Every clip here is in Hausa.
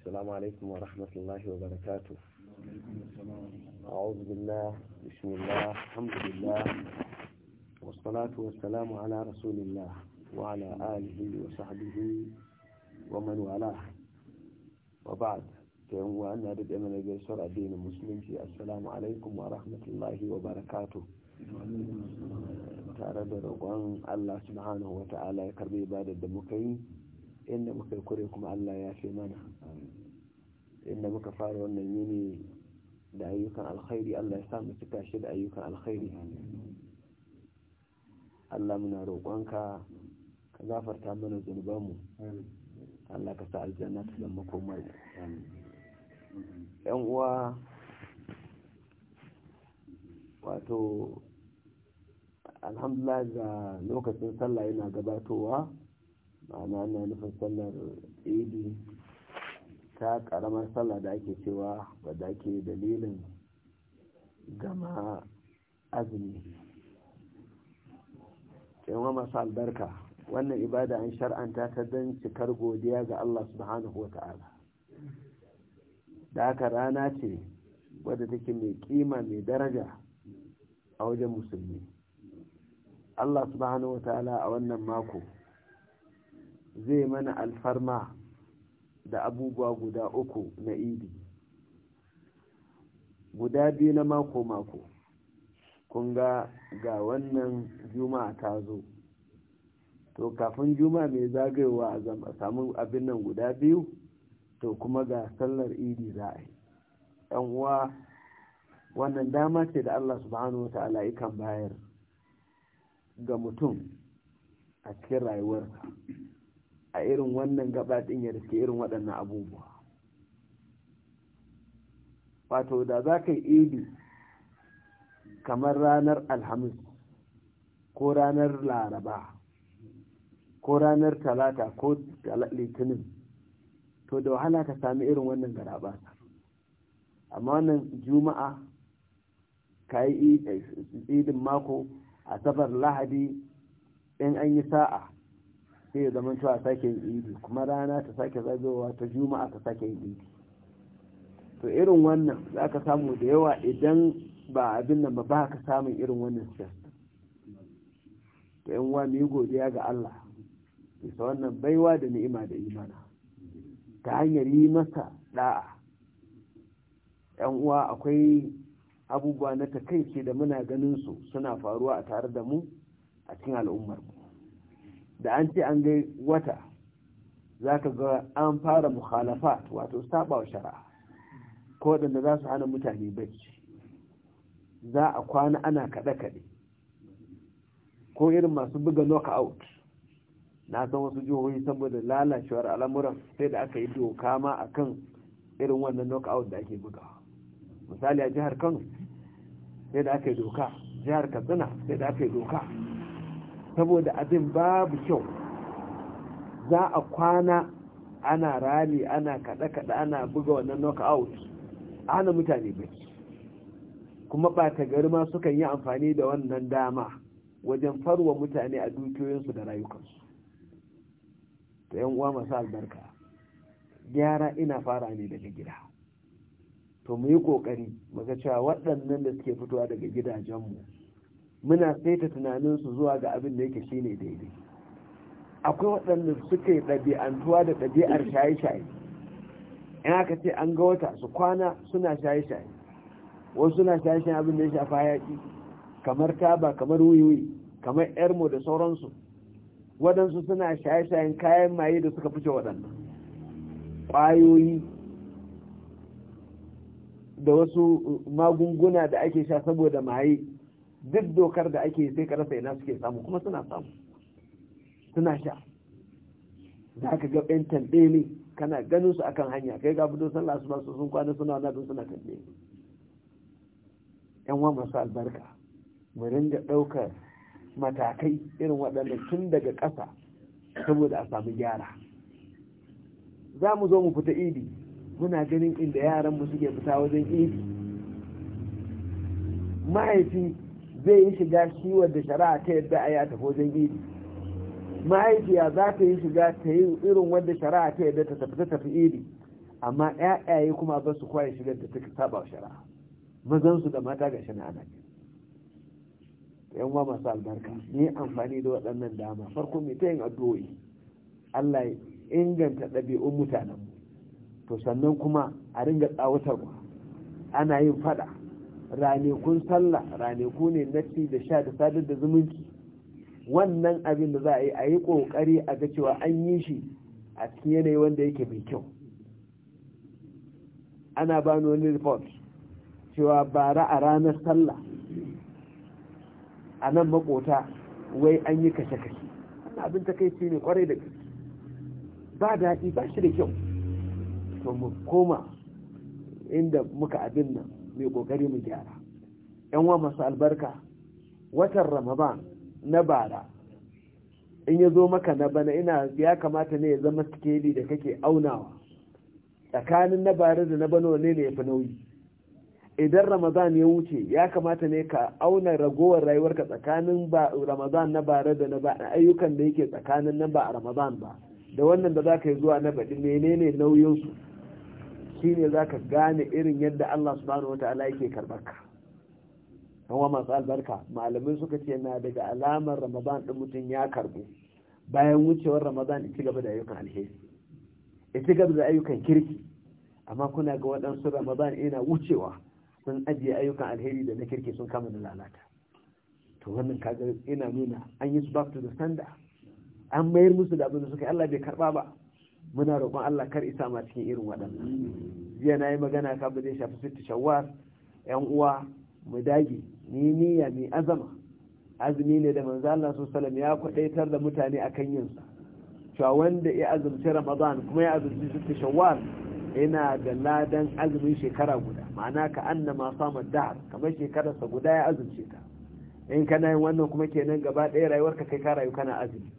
السلام عليكم ورحمة الله وبركاته أعوذ بالله بسم الله الحمد لله والصلاة والسلام على رسول الله وعلى آله وصحبه ومن والاه وبعد كان وأنا أريد أن أجلسر الدين المسلم في السلام عليكم ورحمة الله وبركاته tare da roƙon Allah subhanahu wa ta'ala ya karbi ibadar da muka yi inda muka yi kure kuma Allah ya fi mana inda muka fara wannan yini da ayyukan alkhairi Allah ya sa mu shi da ayyukan alkhairi Allah muna roƙonka ka gafarta mana zunubanmu Allah ka sa aljanna ta zama komar yan uwa wato alhamdulillah ga lokacin sallah yana gabatowa ma'ana na nufin sallar idi ta karamar sallah da ake cewa wadda ke dalilin gama azumi yanwa masu albarka wannan ibada an shar'anta ta don cikar godiya ga Allah subhanahu ta'ala. da aka rana ce wadda take mai kima mai daraja a wajen musulmi Allah subhanahu ta'ala a wannan mako zai mana alfarma da abubuwa guda uku na idi guda biyu na mako-mako kun ga ga wannan juma'a ta zo to kafin juma'a mai zagayowa a samun abin nan guda biyu to kuma ga sallar idi za a yi yan uwa wannan dama ce da allah subhanahu wa ta'ala ikan bayar ga mutum a cikin rayuwarsa a irin wannan gaba ɗin ya suke irin waɗannan abubuwa wato da za ka yi idi kamar ranar alhamis ko ranar laraba ko ranar talata ko litinin to da wahala ka sami irin wannan garaba amma wannan juma'a ka yi eh, idin mako asabar lahadi in an yi sa'a sai ya zama cewa sake yin idi kuma rana ta sake zagayowa ta juma'a ta sake yin idi to irin wannan za ka samu da yawa idan ba abin nan ba ka samun irin wannan stress to yan wa mu godiya ga Allah bisa wannan baiwa da ni'ima da imana ta hanyar yi masa da'a yan uwa akwai abubuwa na takaice da muna ganin su suna faruwa a tare da mu a cikin al'ummar mu da an ce an gai wata za ka ga an fara mukhalafa wato sabawa shari'a ko waɗanda za su hana mutane bacci za a kwana ana kaɗe-kaɗe ko irin masu buga knockout na san wasu jihohi saboda lalacewar al'amuran sai da aka yi doka ma a kan irin wannan knockout da ake buga. misali a jihar kano sai da aka yi doka jihar katsina sai da aka yi doka saboda abin babu kyau za a kwana ana rali, ana kaɗe-kaɗe ana buga wannan knockout ana mutane bai. kuma ɓata gari ma sukan yi amfani da wannan dama wajen farwa mutane a dukiyoyinsu da rayukansu ta yan uwa masu albarka gyara ina fara ne daga gida to mu yi ƙoƙari cewa waɗannan da suke fitowa daga gidajenmu muna saita tunaninsu zuwa ga abin da yake shine daidai akwai waɗanda suka yi ɗabi'antuwa da ɗabi'ar shaye-shaye in aka ce an ga wata su kwana suna shaye-shaye wasu suna shaye-shaye abin da ya shafa yaƙi kamar taba kamar wuyi kamar ermo da sauransu waɗansu suna shaye-shayen kayan maye da suka fice waɗanda? ƙwayoyi da wasu magunguna da ake sha saboda maye duk dokar da ake sai ka rasa ina suke samu kuma suna samu suna sha za ka ga ɗan tambaye ne kana ganin su akan hanya kai ga budo sallah ba su sun kwana suna wani don suna tambaye yan masu albarka mu ringa ɗaukar matakai irin waɗanda tun daga ƙasa saboda a samu gyara za mu zo mu fita idi muna ganin inda yaran mu suke fita wajen idi mahaifi zai yi shiga shi wadda shari'a ta yadda a ya tafi wajen idi mahaifiya za ta yi shiga ta yi irin wadda shari'a ta yadda ta tafi ta tafi idi amma ƴaƴaye kuma ba su kwaye shigar da ta saba shari'a mazan su da mata ga shi na ana yan wa masu albarka ni amfani da waɗannan dama farko mai ta yin addu'o'i Allah ya inganta ɗabi'un mutanen to sannan kuma a ringa tsawatarwa ana yin faɗa. ranekun sallah raneku ne na ci da sha da sadar da zumunci wannan abin da za a yi a yi ƙoƙari a ga cewa an yi shi a cikin yanayi wanda yake mai kyau ana bani wani report cewa bara a ranar sallah a nan makota wai an yi kashe-kashe wannan abin ta kai ne kwarai da gaske ba daɗi ba shi da kyau to mu koma inda muka abin nan mai kokari mu gyara yan wa masu albarka watan ramadan na bara in ya zo maka na bana ina ya kamata ne ya zama sikeli da kake aunawa tsakanin na bara da na bana ne ne ya fi nauyi idan ramadan ya wuce ya kamata ne ka auna ragowar rayuwarka tsakanin ba ramadan na bara da na ba ayyukan da yake tsakanin na ba ramadan ba da wannan da za ka yi zuwa na baɗi menene nauyinsu za ka gane irin yadda Allah subhanahu wataala yake karbarka kuma masu albarka malamai suka ce na daga alamar ramadan din mutum ya karbu bayan wucewar ramadan ci gaba da ayyukan alheri ci gaba da ayyukan kirki amma kuna ga waɗansu ramadan ina wucewa sun ajiye ayyukan alheri da na kirki sun kama da lalata to wannan kaga ina nuna an yi su back to the an mayar musu da abin da suka yi Allah bai karba ba muna roƙon Allah kar isa ma cikin irin waɗannan jiya na yi magana ka ba zai shafi sittu shawwar yan uwa mu dage ni niyya mai azama azumi ne da manzo Allah sallallahu ya kwadaitar da mutane akan yin sa cewa wanda ya azumci Ramadan kuma ya azumci sittu shawwar yana da ladan azumin shekara guda ma'ana ka annama sama dahar kamar shekararsa guda ya azumce ta in kana yin wannan kuma kenan gaba ɗaya rayuwarka kai ka rayu kana azumi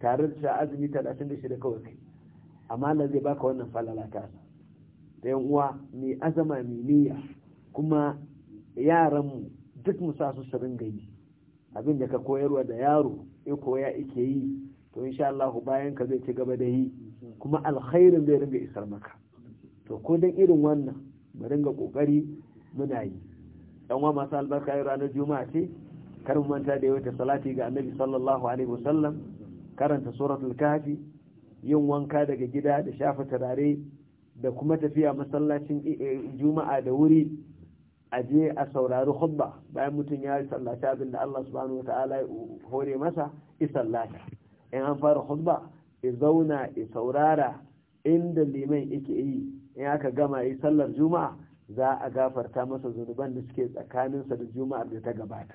tare da azumi 36 kawai kai amma Allah zai baka wannan falala ka da yan uwa mai azama mai niyya kuma yaran mu duk mu sa su su ringa yi abin da ka koyarwa da yaro ya koya ike yi to insha Allah bayan ka zai ci gaba da yi kuma alkhairin zai ringa isar maka to ko dan irin wannan mu ringa kokari muna yi dan uwa masu albarka ranar juma'a ce kar mu manta da yawaita salati ga annabi sallallahu alaihi wasallam karanta suratul kahfi yin wanka daga gida da shafa turare da kuma tafiya masallacin eh, eh, juma'a da wuri a je a saurari khutba bayan mutum ya sallaci abin da Allah subhanahu wa ta'ala ya hore masa isallata in an fara khutba ya zauna ya saurara inda liman yake yi in aka gama yi sallar juma'a za a gafarta masa zunuban da suke tsakaninsa da juma'ar da ta gabata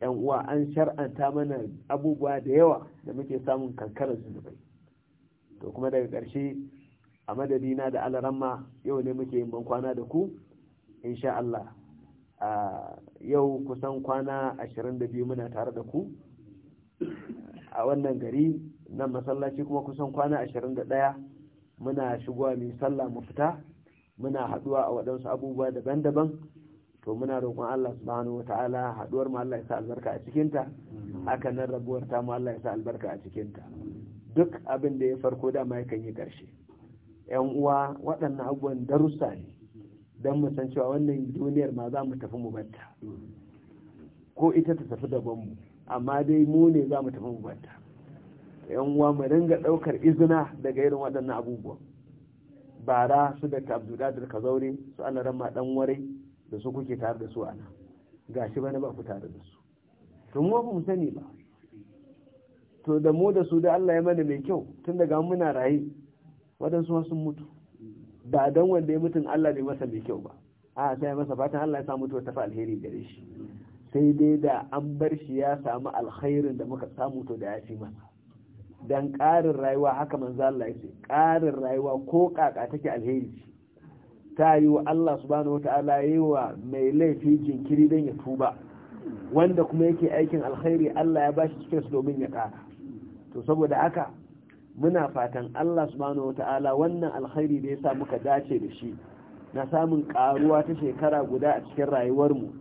yan uwa an shar'anta mana abubuwa da yawa da muke samun kankarar zunubai to kuma daga ƙarshe a madadina da alaramma yau ne muke yin bankwana da ku insha Allah yau kusan kwana 22 muna tare da ku a wannan gari nan masallaci kuma kusan kwana 21 muna shigowa mai sallah mu fita muna haɗuwa a waɗansu abubuwa daban-daban to muna roƙon Allah subhanahu wataala haduwar mu Allah ya sa albarka a cikinta haka nan rabuwar ta mu Allah ya sa albarka a cikinta duk abin da ya farko dama yakan yi ƙarshe yan uwa waɗannan abubuwan darussa ne don mu san cewa wannan duniyar ma za mu tafi mu batta ko ita ta tafi daban mu amma dai mu ne za mu tafi mu banta. yan uwa mu dinga ɗaukar izina daga irin waɗannan abubuwan bara su da ka kazaure su ana rama dan warai da su kuke tare da su ana gashi bana ba ku tare da su to mu ba mu sani ba to da mu da su da Allah ya mana mai kyau tun daga muna raye waɗansu sun mutu ba dan wanda ya mutun Allah bai masa mai kyau ba a sai ya masa fatan Allah ya samu mutu ta alheri gare shi sai dai da an bar shi ya samu alkhairin da muka samu to da ya fi masa dan ƙarin rayuwa haka manzo Allah ya ce ƙarin rayuwa ko kaka take alheri ce ta yi wa Allah subhanahu wata'ala wa mai laifi jinkiri dan ya tuba wanda kuma yake aikin alkhairi Allah ya bashi cikin su domin ya ƙara to saboda haka muna fatan Allah subhanahu wata'ala wannan alkhairi da ya sa muka dace da shi na samun karuwa ta shekara guda a cikin rayuwarmu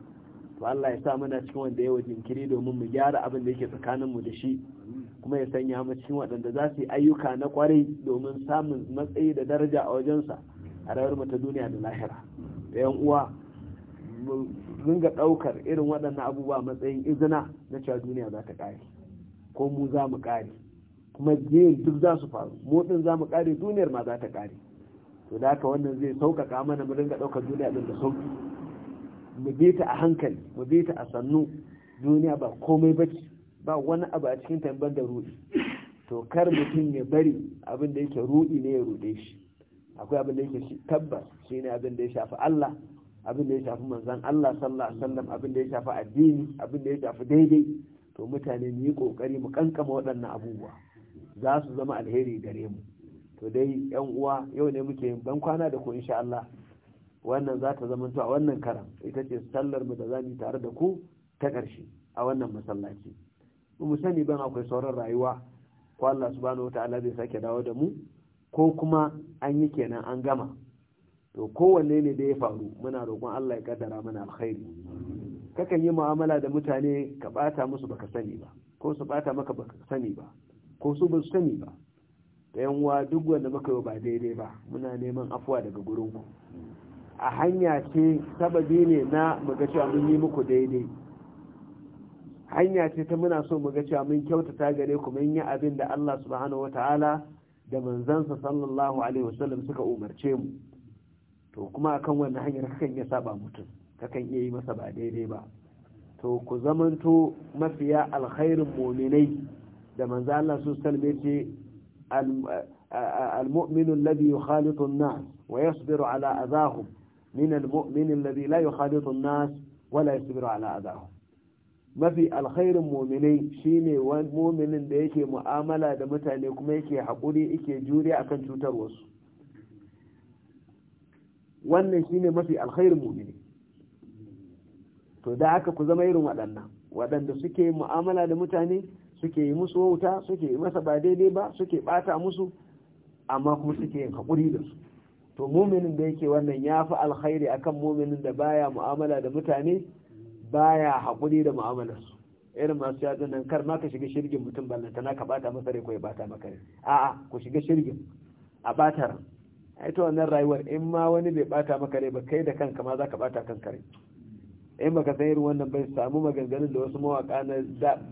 to Allah ya sa muna cikin wanda ya jinkiri domin mu gyara abin da yake mu da shi kuma ya sanya mu cikin waɗanda za su yi ayyuka na kwarai domin samun matsayi da daraja a wajensa a rayuwar mu ta duniya da lahira da yan uwa mu ringa ɗaukar irin waɗannan abubuwa matsayin izina na cewa duniya za ta ƙare ko mu za mu ƙare kuma jiyan duk za su faru motsin zamu za mu ƙare duniyar ma za ta ƙare to da haka wannan zai sauƙaƙa mana mu dinga ɗaukar duniya din da sauƙi mu bi ta a hankali mu bi ta a sannu duniya ba komai ba ba wani abu a cikin tambar da ruɗi to kar mutum ya bari abin da yake ruɗi ne ya ruɗe shi akwai abin da yake tabbas shi ne abin da ya shafi Allah abin da ya shafi manzan Allah sallallahu alaihi wasallam abin da ya shafi addini abin da ya shafi daidai to mutane mu yi kokari mu kankama waɗannan abubuwa za su zama alheri gare mu to dai yan uwa yau ne muke yin ban kwana da ku insha Allah wannan za ta zama a wannan karan ita ce sallar mu da za mu tare da ku ta ƙarshe a wannan masallaci mu sani ban akwai sauran rayuwa ko Allah subhanahu wataala zai sake dawo da mu ko kuma an yi kenan an gama to kowanne ne da ya faru muna roƙon Allah ya kaddara mana alkhairi kakan yi mu'amala da mutane ka bata musu baka sani ba ko su bata maka baka sani ba ko su ba su sani ba da yanwa duk wanda muka yi ba daidai ba muna neman afuwa daga ku a hanya ce sababi ne na mu ga cewa mun yi muku daidai hanya ce ta muna so ga cewa mun kyautata gare ku mun yi abin da Allah subhanahu ta'ala da manzansa sallallahu alaihi wasallam suka umarce mu to kuma akan wannan hanyar kakan ya saba mutum kakan iya yi masa ba daidai ba to ku zamanto mafiya alkhairin muminai da manzo Allah su salme ce المؤمن الذي يخالط الناس ويصبر على أذاهم من المؤمن الذي لا يخالط الناس ولا يصبر على أذاهم mafi alkhairin muminai shine muminin da yake mu'amala da mutane kuma yake haƙuri yake juriya akan cutarwarsu wannan shine mafi alkhairin muminai to da haka ku zama irin waɗannan waɗanda suke mu'amala da mutane suke yi musu wauta suke yi masa ba daidai ba suke ɓata musu amma kuma suke yin haƙuri da su to muminin da yake wannan ya fi alkhairi akan muminin da baya mu'amala da mutane baya haƙuri da su. irin masu yatsun nan kar ma ka shiga shirgin mutum ballanta na ka ɓata masa rai ko ya ɓata maka rai a'a ku shiga shirgin a ɓata ran ai to wannan rayuwar in ma wani bai ɓata maka rai ba kai da kanka ma ka ɓata kanka rai in baka san irin wannan bai samu maganganun da wasu mawaka na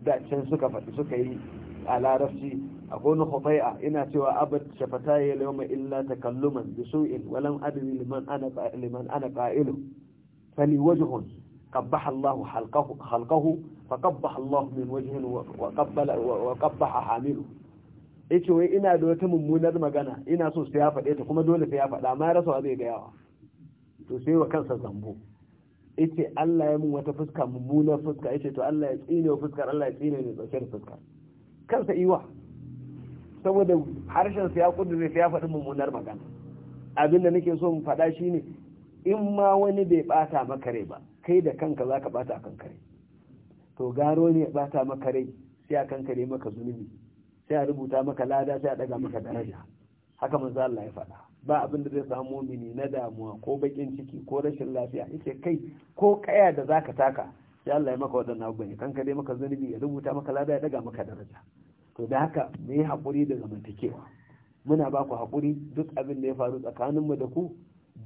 dacen suka faɗi suka yi a larabci a kone hufai'a ina cewa abad shafata ya lauma illa takalluman bi su'in walan adri liman ana liman ana ƙa'ilu fani wajihun qabbaha Allah halqahu halkahu fa qabbaha Allah min wajhin wa qabbala wa qabbaha hamilu yace wai ina da wata mummunar magana ina so sai ya faɗe ta kuma dole sai ya faɗa amma ya rasa wa zai gaya wa to sai wa kansa zambo yace Allah ya mun wata fuska mummunar fuska yace to Allah ya tsine wa fuskar Allah ya tsine ne tsakiyar fuska kansa iwa saboda harshen sa ya kudure sai ya faɗi mummunar magana abinda nake so mu faɗa shine in ma wani bai bata maka rai ba kai da kanka zaka bata akan kare to garo ne bata maka rai sai akan kare maka zunubi sai a rubuta maka lada sai a daga maka daraja haka manzo Allah ya faɗa ba abin da zai samu mini na damuwa ko bakin ciki ko rashin lafiya yake kai ko kaya da zaka taka sai Allah ya maka wadannan abubuwan ya kanka dai maka zunubi ya rubuta maka lada ya daga maka daraja to da haka mu yi haƙuri da zamantakewa muna ba ku haƙuri duk abin da ya faru tsakaninmu da ku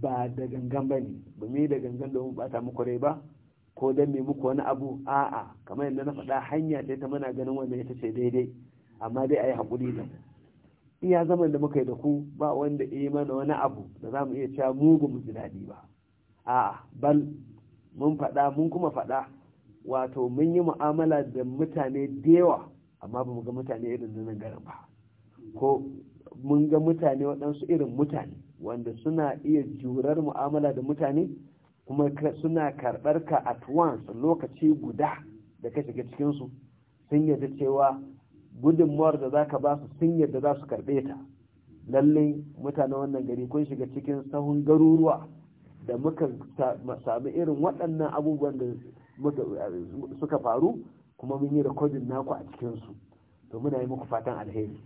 ba da gangan ba ne ba mu yi da gangan domin bata muku rai ba ko dan mai muku wani abu a'a kamar yadda na faɗa hanya ce ta muna ganin wannan ita ce daidai amma dai a yi haƙuri da mu iya zaman da muka yi da ku ba wanda yi mana wani abu da za mu iya cewa mugun mu ji daɗi ba a'a bal mun faɗa mun kuma faɗa wato mun yi mu'amala da mutane da yawa amma ba mu ga mutane irin nan garin ba ko mun ga mutane waɗansu irin mutane wanda suna iya jurar mu'amala da mutane kuma suna karɓar ka at once lokaci guda da ka shiga cikinsu sun yarda cewa gudunmuwar da za ka ba su sun yadda za su karɓe ta lalle mutane wannan gari kun shiga cikin sahun garuruwa da muka sami irin waɗannan abubuwan da suka faru kuma mun yi rikodin naku a cikinsu to muna yi muku fatan alheri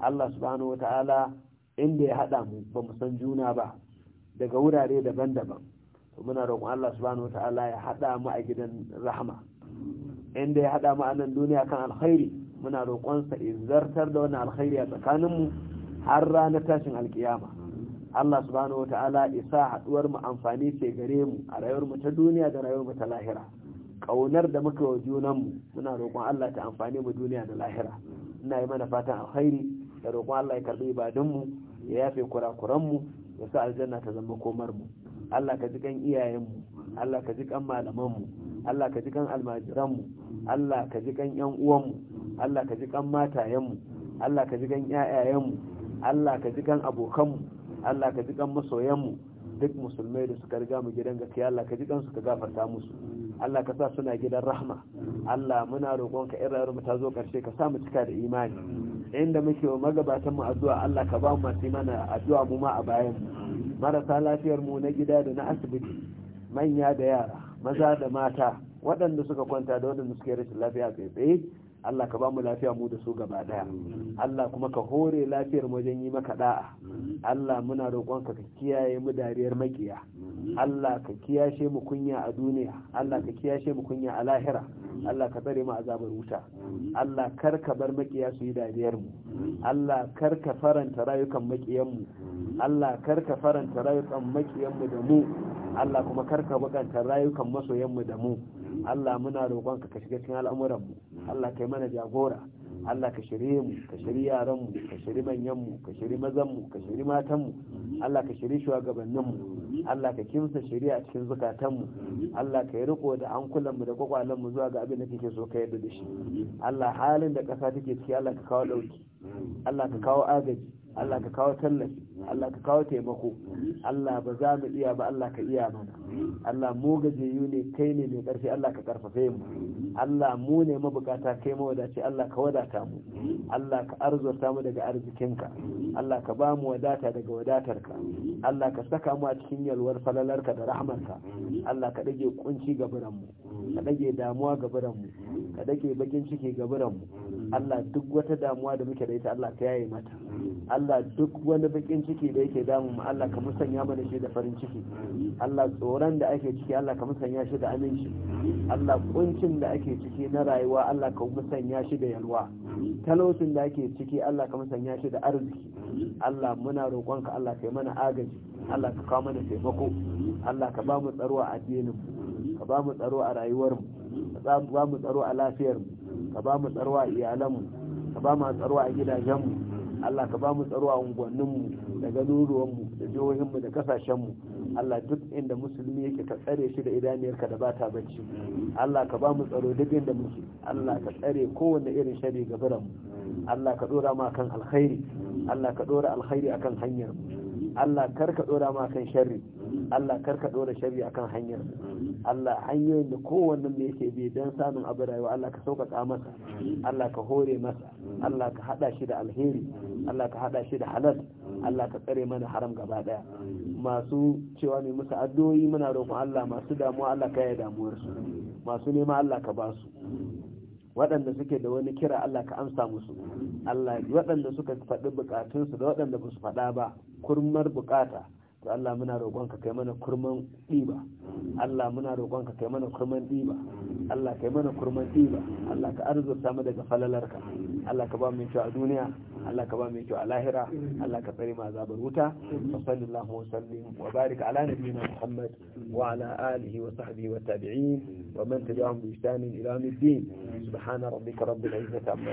Allah subhanahu wata'ala inda ya haɗa mu ba mu san juna ba daga wurare daban-daban to muna roƙon Allah subhanahu wata'ala ya haɗa mu a gidan rahama inda ya haɗa mu a nan duniya kan alkhairi muna roƙonsa izartar da wannan alkhairi a tsakaninmu har ranar tashin alkiyama Allah subhanahu wata'ala isa haɗuwar mu amfani ce gare mu a rayuwar mu ta duniya da rayuwar mu ta lahira ƙaunar da muka wa junan mu muna roƙon Allah ta amfani mu duniya da lahira ina yi mana fatan alkhairi da roƙon Allah ya karɓi ibadun mu ya yafe kurakuran mu ya sa aljanna ta zama komar mu Allah ka ji kan iyayen mu Allah ka ji kan malaman mu Allah ka ji kan almajiran mu Allah ka ji kan yan uwan mu Allah ka ji kan matayenmu Allah ka ji kan ƴaƴayenmu Allah ka ji kan abokanmu Allah ka ji kan masoyanmu duk musulmai da suka riga mu gidan gaskiya Allah ka ji kan su ka gafarta musu Allah ka sa suna gidan rahma Allah muna roƙonka irin mu ta zo ƙarshe ka sa mu cika da imani inda muke wa magabatan mu addu'a Allah ka ba mu masu mana addu'a mu ma a bayan marasa lafiyar mu na gida da na asibiti manya da yara maza da mata waɗanda suka kwanta da waɗanda suke rashin lafiya tsaye Allah ka ba mu lafiya mu da su gaba daya Allah kuma ka hore lafiyar wajen yi maka da'a Allah muna roƙonka ka kiyaye mu dariyar makiya Allah ka kiyashe mu kunya a duniya Allah ka kiyashe mu kunya a lahira Allah ka tsare mu azabar wuta Allah kar ka bar makiya su yi dariyar mu Allah kar ka faranta rayukan makiyan mu Allah kar ka faranta rayukan makiyan mu da mu Allah kuma kar ka bukanta rayukan masoyan mu da mu Allah muna roƙonka ka shiga cikin al'amuran mu Allah kai mana jagora Allah ka shirye mu ka shirye yaran mu ka shirye manyan mu ka shirye mazan mu ka shirye matan mu Allah ka shirye shugabannin mu Allah ka kimsa shirye a cikin zukatan mu Allah ka yi riko da ankulan mu da kwakwalan mu zuwa ga abin da kake so ka yarda da shi Allah halin da kasa take ciki Allah ka kawo dauki Allah ka kawo agaji Allah ka kawo tallafi Allah ka kawo taimako Allah ba za mu iya ba Allah ka iya mana Allah mu gajiyu ne kai ne mai ƙarfi. Allah ka karfafe mu Allah mu ne mabukata kai mawadaci Allah ka wadata mu Allah ka arzurta mu daga arzikinka Allah ka ba mu wadata daga wadatarka Allah ka saka mu a cikin yalwar falalarka da rahmarka Allah ka dage kunci gaburan mu ka dage damuwa gaburan mu ka dage bakin ciki gaburan mu Allah duk wata damuwa da muke da ita Allah ta yaye mata Allah duk wani bakin ciki da yake damu mu Allah ka musanya mana shi da farin ciki Allah tsoron da ake ciki Allah ka musanya shi da aminci Allah kuncin da ake ciki na rayuwa Allah ka musanya shi da yalwa talaucin da ake ciki Allah ka musanya shi da arziki Allah muna roƙonka Allah kai mana agaji Allah ka kawo mana taimako Allah ka ba mu tsaro a addinin ka ba mu tsaro a rayuwar mu ka ba mu tsaro a lafiyar mu ka ba mu tsaro a iyalanmu ka ba mu tsaro a gidajenmu Allah ka ba mu tsaro a unguwanninmu da garuruwanmu da jihohinmu da kasashenmu Allah duk inda musulmi yake ka tsare shi da idaniyarka da bata bacci Allah ka ba mu tsaro duk inda muke Allah ka tsare kowanne irin shari biranmu. Allah ka dora mu akan alkhairi Allah ka dora alkhairi akan hanyar mu Allah karka ɗora ma kan sharri Allah karka ɗora sharri akan hanyar Allah hanyoyin da kowanne da yake bi don samun abu rayuwa Allah ka sauƙaƙa masa Allah ka hore masa Allah ka haɗa shi da alheri Allah ka haɗa shi da halal Allah ka tsare mana haram gaba ɗaya, masu cewa ne musu addu'o'i muna roƙon Allah masu damuwa Allah ka yi damuwarsu masu nema Allah ka ba su waɗanda suke da wani kira Allah ka amsa musu Allah waɗanda suka faɗi bukatunsu da waɗanda ba su faɗa ba kurmar bukata to Allah muna roƙon ka kai mana kurman ɗiba Allah muna roƙon ka kai mana kurman ɗiba Allah kai mana kurman ɗiba Allah ka arzuta mu daga falalarka Allah ka ba mu kyau a duniya Allah ka ba mu kyau a lahira Allah ka tsare mu azabar wuta sallallahu wa sallim wa barik ala nabiyyina Muhammad wa ala alihi wa sahbihi wa tabi'in wa man tabi'ahum bi ihsan ila yawm الدين سبحان ربك رب العزة عما